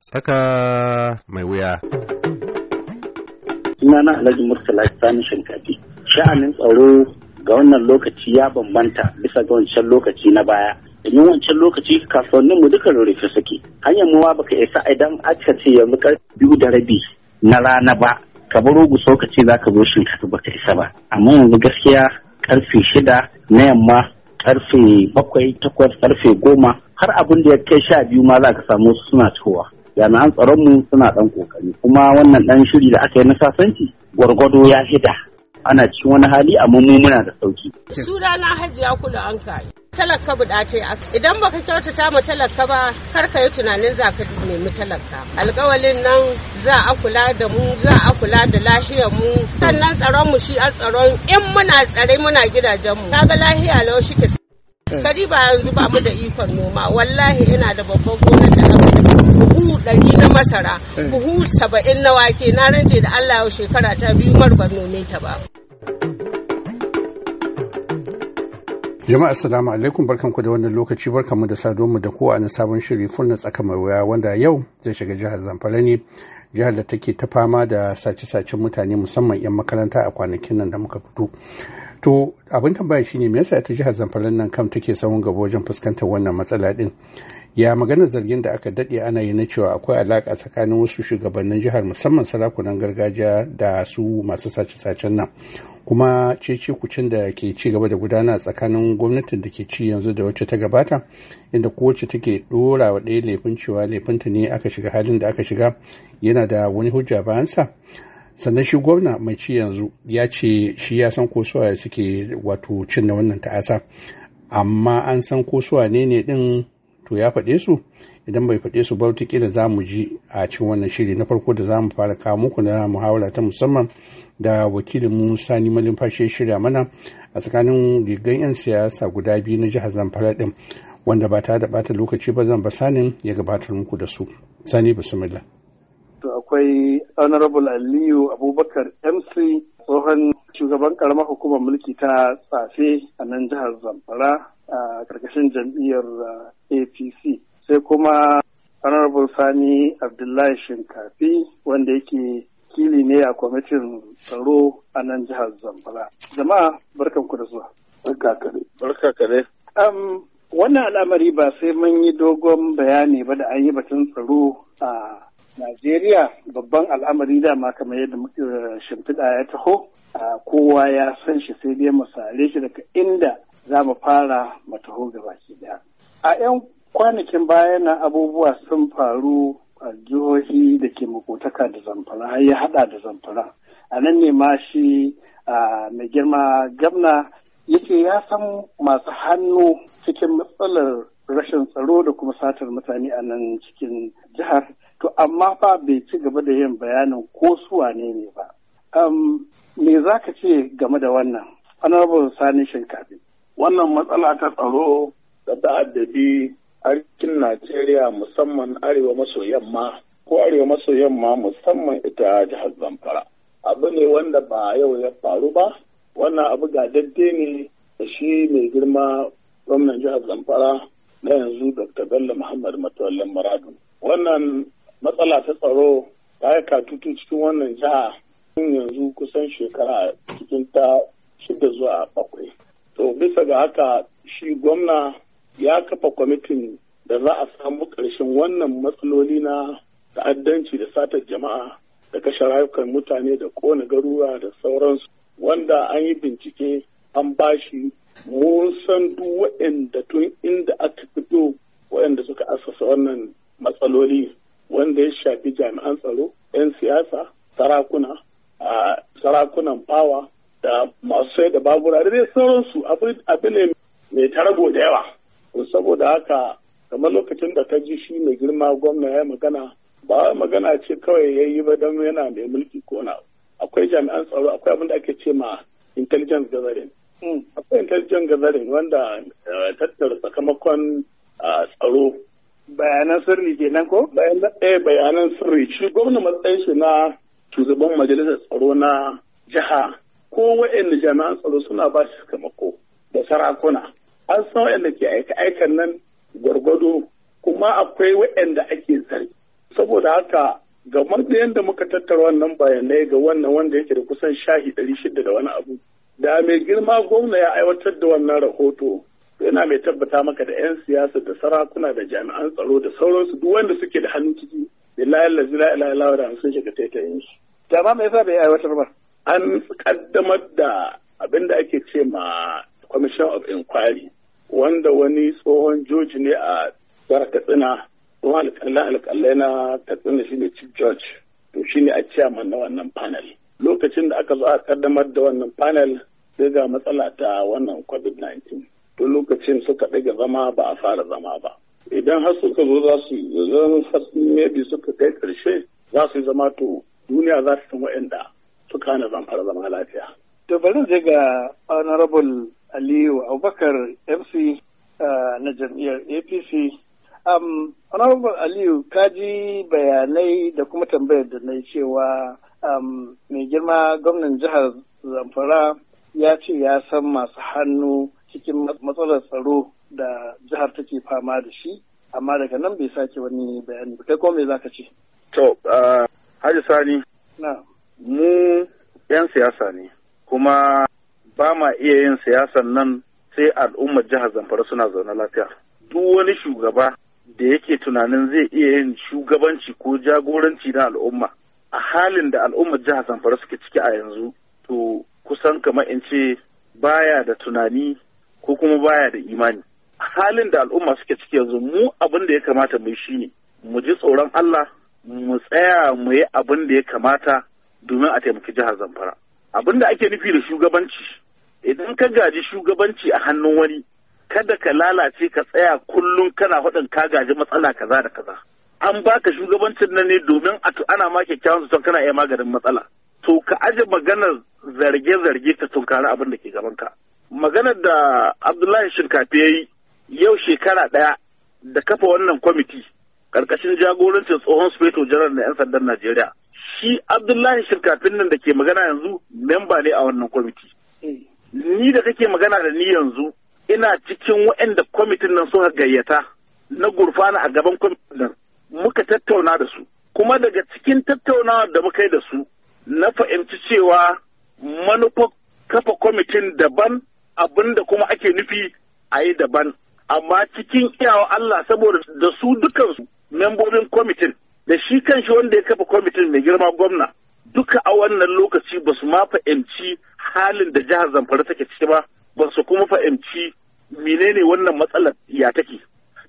Tsaka mai wuya. Sunana Alhaji Murtala Sani Shinkafi. Sha'anin tsaro ga wannan lokaci ya bambanta bisa ga wancan lokaci na baya. Domin wancan lokaci kasuwannin mu duka rufe suke. Hanyar muwa baka isa idan aka ce yanzu karfe biyu da rabi na rana ba. Ka baro guso ka ce za ka zo shinkafa baka isa ba. Amma yanzu gaskiya karfe shida na yamma karfe bakwai takwas karfe goma har abin da ya kai sha biyu ma za ka samu suna cikowa. jami'an tsaronmu suna ɗan kokari kuma wannan ɗan shiri da aka yi na sasanci gwargwado ya hida ana cikin wani hali amma mu muna da sauki. Suna na hajiya kula an kayi. Talaka buɗa ce idan baka kyautata ma talaka ba kar ka yi tunanin za ka nemi talaka. Alkawalin nan za a kula da mu za a kula da lahiyar mu sannan tsaron mu shi a tsaron in muna tsare muna gidajen mu. Kaga lahiya lau shi ke. Eh. Kari ba yanzu ba mu da ikon noma wallahi ina da babban gonar da aka buhu ɗari na masara buhu saba'in na wake na rance da allah yau shekara ta biyu mar ban nome ta ba jama'a assalamu alaikum barkanku da wannan lokaci barkanmu da sadonmu da kowa na sabon shirin furna tsaka mai wuya wanda yau zai shiga jihar zamfara ne jihar da take ta fama da sace-sacen mutane musamman 'yan makaranta a kwanakin nan da muka fito to abin tambaya shine me yasa ta jihar zamfara nan kam take sahun gaba wajen fuskantar wannan matsala din ya magana zargin da aka daɗe ana yi na cewa akwai alaka tsakanin wasu shugabannin jihar musamman sarakunan gargajiya da su masu sace-sacen nan kuma cece kucin da ke ci gaba da gudana tsakanin gwamnatin da ke ci yanzu da wacce ta gabata inda kowace take dora wa ɗaya laifin cewa laifinta ne aka shiga halin da aka shiga yana da wani hujja bayansa sannan shi gwamna mai ci yanzu ya ce shi ya san ko suke wato cin da wannan ta'asa amma an san ko ne ne din to ya faɗe su idan bai faɗe su ba kila za mu ji a cikin wannan shiri na farko da za mu fara kawo muku na muhawara ta musamman da wakilin mu sani fashe shirya mana a tsakanin rigan 'yan siyasa guda biyu na jihar zamfara ɗin wanda ba ta da bata lokaci ba zan ba sanin ya gabatar muku da su sani bismillah to akwai honorable aliyu abubakar mc tsohon shugaban karamar hukumar mulki ta tsafe a nan jihar zamfara a karkashin jam'iyyar uh, apc sai kuma honorable sani abdullahi shinkafi wanda yake kili ne a kwamitin tsaro a nan jihar zamfara jama'a barkanku da zuwa barka kare um, wannan al'amari ba sai mun yi dogon bayani ba da an yi batun tsaro a Najeriya babban al'amari dama kamar yadda eh, shimfiɗa ya taho kowa ya san shi sai dai mu shi daga inda za mu fara mu taho ki daya. A 'yan kwanakin baya na abubuwa sun faru a jihohi da ke makotaka da zamfara har ya hada da zamfara. A nan ne ma shi mai girma gamna yake ya san masu hannu cikin matsalar rashin tsaro da kuma satar mutane a nan cikin jihar amma fa bai ci gaba da yin bayanin ko su wane ne ba. Me za ka ce game da wannan? Honorable Sani Shinkafi. Wannan matsala ta tsaro da ta'addabi arkin Najeriya musamman arewa maso yamma ko arewa maso yamma musamman ita jihar Zamfara. Abu ne wanda ba yau ya faru ba, wannan abu ga dadde ne da shi mai girma gwamnan jihar Zamfara na yanzu Dr. Bello Muhammad Matawallan Maradu. Wannan matsala ta tsaro ta yi katutu cikin wannan jiha tun yanzu kusan shekara cikin ta shida zuwa bakwai. To bisa ga haka shi gwamna ya kafa kwamitin da za a samu ƙarshen wannan matsaloli na ta'addanci da satar jama'a da kashe rayukan mutane da kona garura da sauransu wanda an yi bincike an bashi mun san duk waɗanda tun inda aka fito waɗanda suka asasa wannan matsaloli wanda ya shafi jami'an tsaro 'yan siyasa sarakuna a sarakunan bawa da masu sai da babura da dai sauransu abu ne mai tarago da yawa saboda haka kamar lokacin da ta ji shi mai girma gwamna ya magana ba magana ce kawai ya yi ba don yana mai mulki ko na akwai jami'an tsaro akwai abin da ake ce ma intelligence gathering hmm. akwai intelligence gathering wanda eh, tattara sakamakon ah, tsaro bayanan sirri kenan ko bayanan eh, sirri shi gwamna matsayin shi na shugaban majalisar tsaro na jiha ko wa'anda jami'an tsaro suna ba shi sakamako da sarakuna an san wayanda ke aika aikan nan gwargwado kuma akwai wa'anda ake zargi saboda haka ga da yadda muka tattara wannan bayanai ga wannan wanda yake da kusan shahi ɗari shida da wani abu da mai girma gwamna ya aiwatar da wannan rahoto yana mai tabbata maka da 'yan siyasa da sarakuna da jami'an tsaro da sauransu duk wanda suke da hannun ciki layar lazi la ilaha illa da sun shiga taitayin su da ma me yasa bai aiwatar ba an kaddamar da abin da ake ce ma commission of inquiry wanda wani tsohon joji ne a jihar katsina tsohon alƙalla alƙalla na katsina shine chief judge to shine a chairman na wannan panel lokacin da aka zo a kaddamar da wannan panel sai ga matsala ta wannan covid-19 duk lokacin suka ɗaga zama ba a fara zama ba idan har suka zo za su zan maybe suka kai ƙarshe za su zama to duniya za su san wa'anda suka hana fara zama lafiya. to bari je ga honorable aliyu abubakar mc uh, na jam'iyyar apc um, honorable aliyu ka ji bayanai da kuma tambayar da na cewa um, mai girma gwamnan jihar zamfara ya ce ya san masu hannu cikin matsalar tsaro da jihar take fama da shi amma daga nan bai sake wani bayani kai ko me zaka ce to Haji Sani na mu yan siyasa ne kuma ba ma iya yin siyasan nan sai al'ummar jihar Zamfara suna zaune lafiya duk wani shugaba da yake tunanin zai iya yin shugabanci ko jagoranci na al'umma a halin da al'ummar jihar Zamfara suke ciki a yanzu to kusan kamar in ce baya da tunani ko kuma baya da imani halin da al'umma suke ciki yanzu mu abin da ya kamata mu shi ne mu ji tsoron Allah mu tsaya mu yi abin da ya kamata domin a taimaki jihar Zamfara abin da ake nufi da shugabanci idan ka gaji shugabanci a hannun wani kada ka lalace ka tsaya kullum kana hudin ka gaji matsala kaza da kaza an baka shugabancin nan ne domin ana ma kyakkyawan tun kana iya maganin matsala to ka aje maganar zarge-zarge ta tunkari abin da ke gabanka maganar da abdullahi shinkafi ya yi yau shekara ɗaya da kafa wannan kwamiti Ƙarƙashin jagorancin tsohon sufeto janar na 'yan sandan najeriya shi abdullahi shinkafin nan da ke magana yanzu memba ne a wannan kwamiti ni da kake magana da ni yanzu ina cikin waɗanda kwamitin nan suka gayyata na gurfana a gaban kwamitin nan muka tattauna da su kuma daga cikin tattaunawa da muka yi da su na fahimci cewa manufar kafa kwamitin daban abin da kuma ake nufi a yi daban amma cikin iyawa Allah saboda da su dukansu membobin kwamitin da shi kanshi wanda ya kafa kwamitin mai girma gwamna duka a wannan lokaci ba su ma fahimci halin da jihar Zamfara take ciki ba ba su kuma fahimci menene wannan matsalar ya take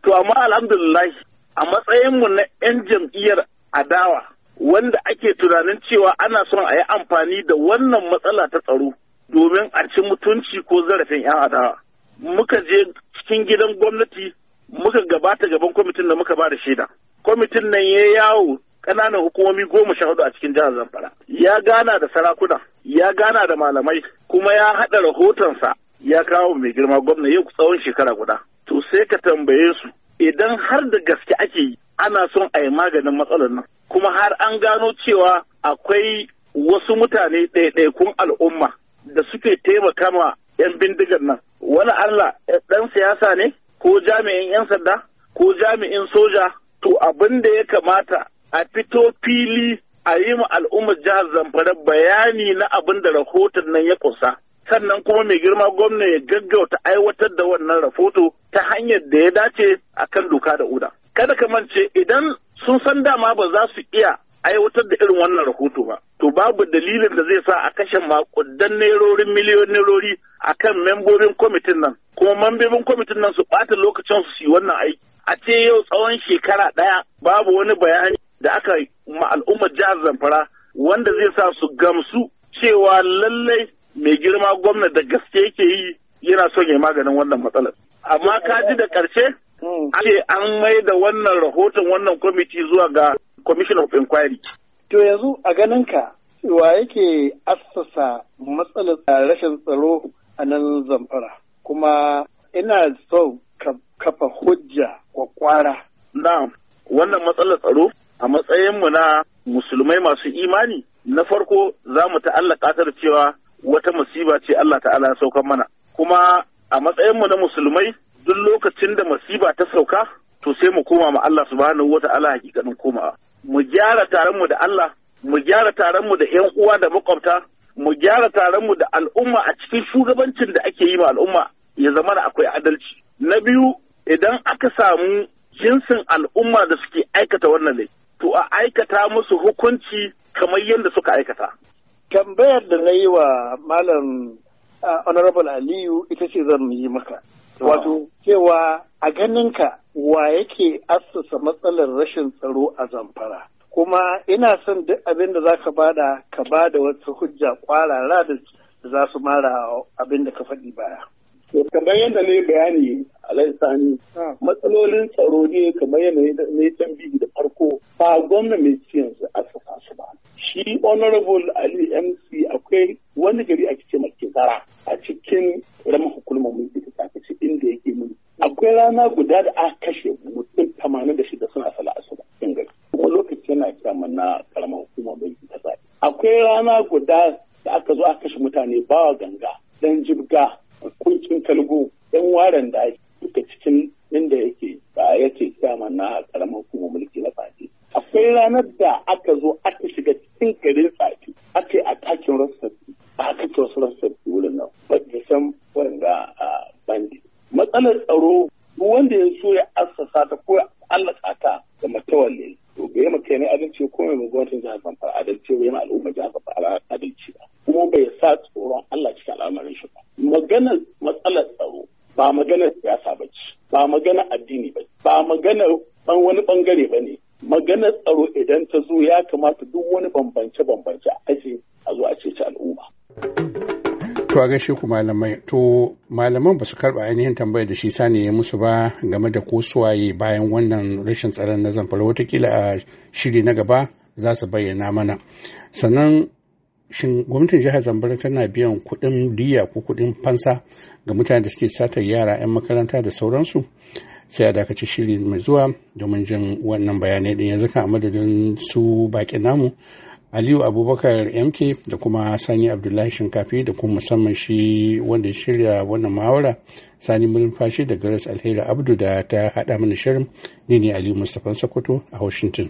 to amma alhamdulillah a matsayinmu na 'yan jam'iyyar adawa wanda ake tunanin cewa ana son a yi amfani da wannan matsala ta tsaro domin a ci mutunci ko zarafin 'yan adawa. Muka je cikin gidan gwamnati muka gabata gaban kwamitin da muka ba da shaida. Kwamitin nan ya yawo ƙananan hukumomi goma sha hudu a cikin jihar Zamfara. Ya gana da sarakuna, ya gana da malamai, kuma ya haɗa rahotonsa ya kawo mai girma gwamna yau tsawon shekara guda. To sai ka tambaye su idan har da gaske ake yi ana son a yi maganin matsalar nan. Kuma har an gano cewa akwai wasu mutane ɗaiɗaikun al'umma da suke taimaka ma 'yan bindigar nan wani Allah eh, ɗan siyasa ne ko jami'in 'yan sanda ko jami'in soja to abin da ya kamata a fito fili a yi ma al'ummar jihar Zamfara bayani na abin da rahoton nan ya kusa sannan kuma mai girma gwamna ya gaggauta aiwatar da wannan rahoto ta hanyar da ya dace a kan doka da uda kada ka mance idan sun san dama ba za su iya aiwatar da irin wannan rahoto ba. To babu dalilin da zai sa a kashe makudan nerorin miliyon nerori a kan membobin kwamitin nan. Kuma membobin kwamitin nan su ɓata lokacin su yi wannan aiki. A ce yau tsawon shekara ɗaya babu wani bayani da aka ma al'ummar jihar Zamfara wanda zai sa su gamsu cewa lallai mai girma gwamna da gaske yake yi yana son ya maganin wannan matsalar. Amma ka da ƙarshe? Hmm. Ce an mai da wannan rahoton wannan kwamiti zuwa ga commission of inquiry. To yanzu a ganin ka, wa yake assasa matsalar rashin tsaro a nan zamfara kuma ina so ka kafa hujja wa kwara. Na wannan matsalar tsaro a matsayinmu na musulmai masu imani na farko za mu ta'allaka ta da cewa wata masiba ce Allah ta'ala ya sauka mana kuma a matsayinmu na musulmai duk lokacin da masiba ta sauka to sai mu koma ma Allah subhanahu wata'ala hakikanin komawa mu gyara taron mu da Allah mu gyara taron mu da yan uwa da makwabta mu gyara taron mu da al'umma a cikin shugabancin da ake yi ma al'umma ya zama da akwai adalci na biyu idan aka samu jinsin al'umma da suke aikata wannan ne, to a aikata musu hukunci kamar yadda suka aikata tambayar da na yi wa malam uh, honorable aliyu ita ce zan yi maka Wato cewa a ganinka wa yake assasa matsalar rashin tsaro a zamfara. Kuma ina son duk abin da za ka da ka ba da wata hujja kwarara da za su mara abin da ka faɗi baya. kamar yadda na yi bayani a sani matsalolin tsaro ne kamar yadda na yi tambihi da farko ba gwamna mai ciyan su a saka su ba shi honorable ali mc akwai wani gari a cikin makizara a cikin ramar hukumar din da yake akwai rana guda da aka kashe mutum tamanin da shida suna sala asuba in gari kuma lokaci yana kira na karamar hukumar banki ta zaɓe akwai rana guda da aka zo aka kashe mutane bawa ganga dan jibga kuncin kalgo dan waren da duka cikin inda yake ba ce kira na karamar hukumar mulki na zaɓe akwai ranar da aka zo aka shiga cikin garin zaɓe aka a takin rasta matsalar tsaro wanda ya so ya assasa ta ko ya allaka ta da ne to bai ma kai ne adalci ko mai gwamnatin jihar Zamfara adalci bai ma al'umma jihar Zamfara adalci ba kuma bai sa tsoron Allah cikin al'amarin shi ba maganar matsalar tsaro ba maganar siyasa ba ce ba maganar addini ba ba maganar wani bangare ba ne maganar tsaro idan ta zo ya kamata duk wani bambance-bambance a To a gaishe ku malamai, to malaman ba su karba ainihin tambayar da shi sani ya musu ba game da ko suwaye bayan wannan rashin tsaron na zamfara watakila a shiri na gaba za su bayyana mana. Sannan shin gwamnatin jihar Zamfara tana biyan kuɗin diya ko kuɗin fansa ga mutanen da suke satar yara 'yan makaranta da sauransu? sai a dakaci shiri mai zuwa domin jin wannan bayanai din yanzu kan a madadin su baƙin namu aliyu abubakar mk da kuma sani abdullahi shinkafi da kuma musamman shi wanda ya shirya wannan muhawara sani mulfashi da grace alheri abdu da ta haɗa mana shirin ne ne aliyu mustapha sokoto a washington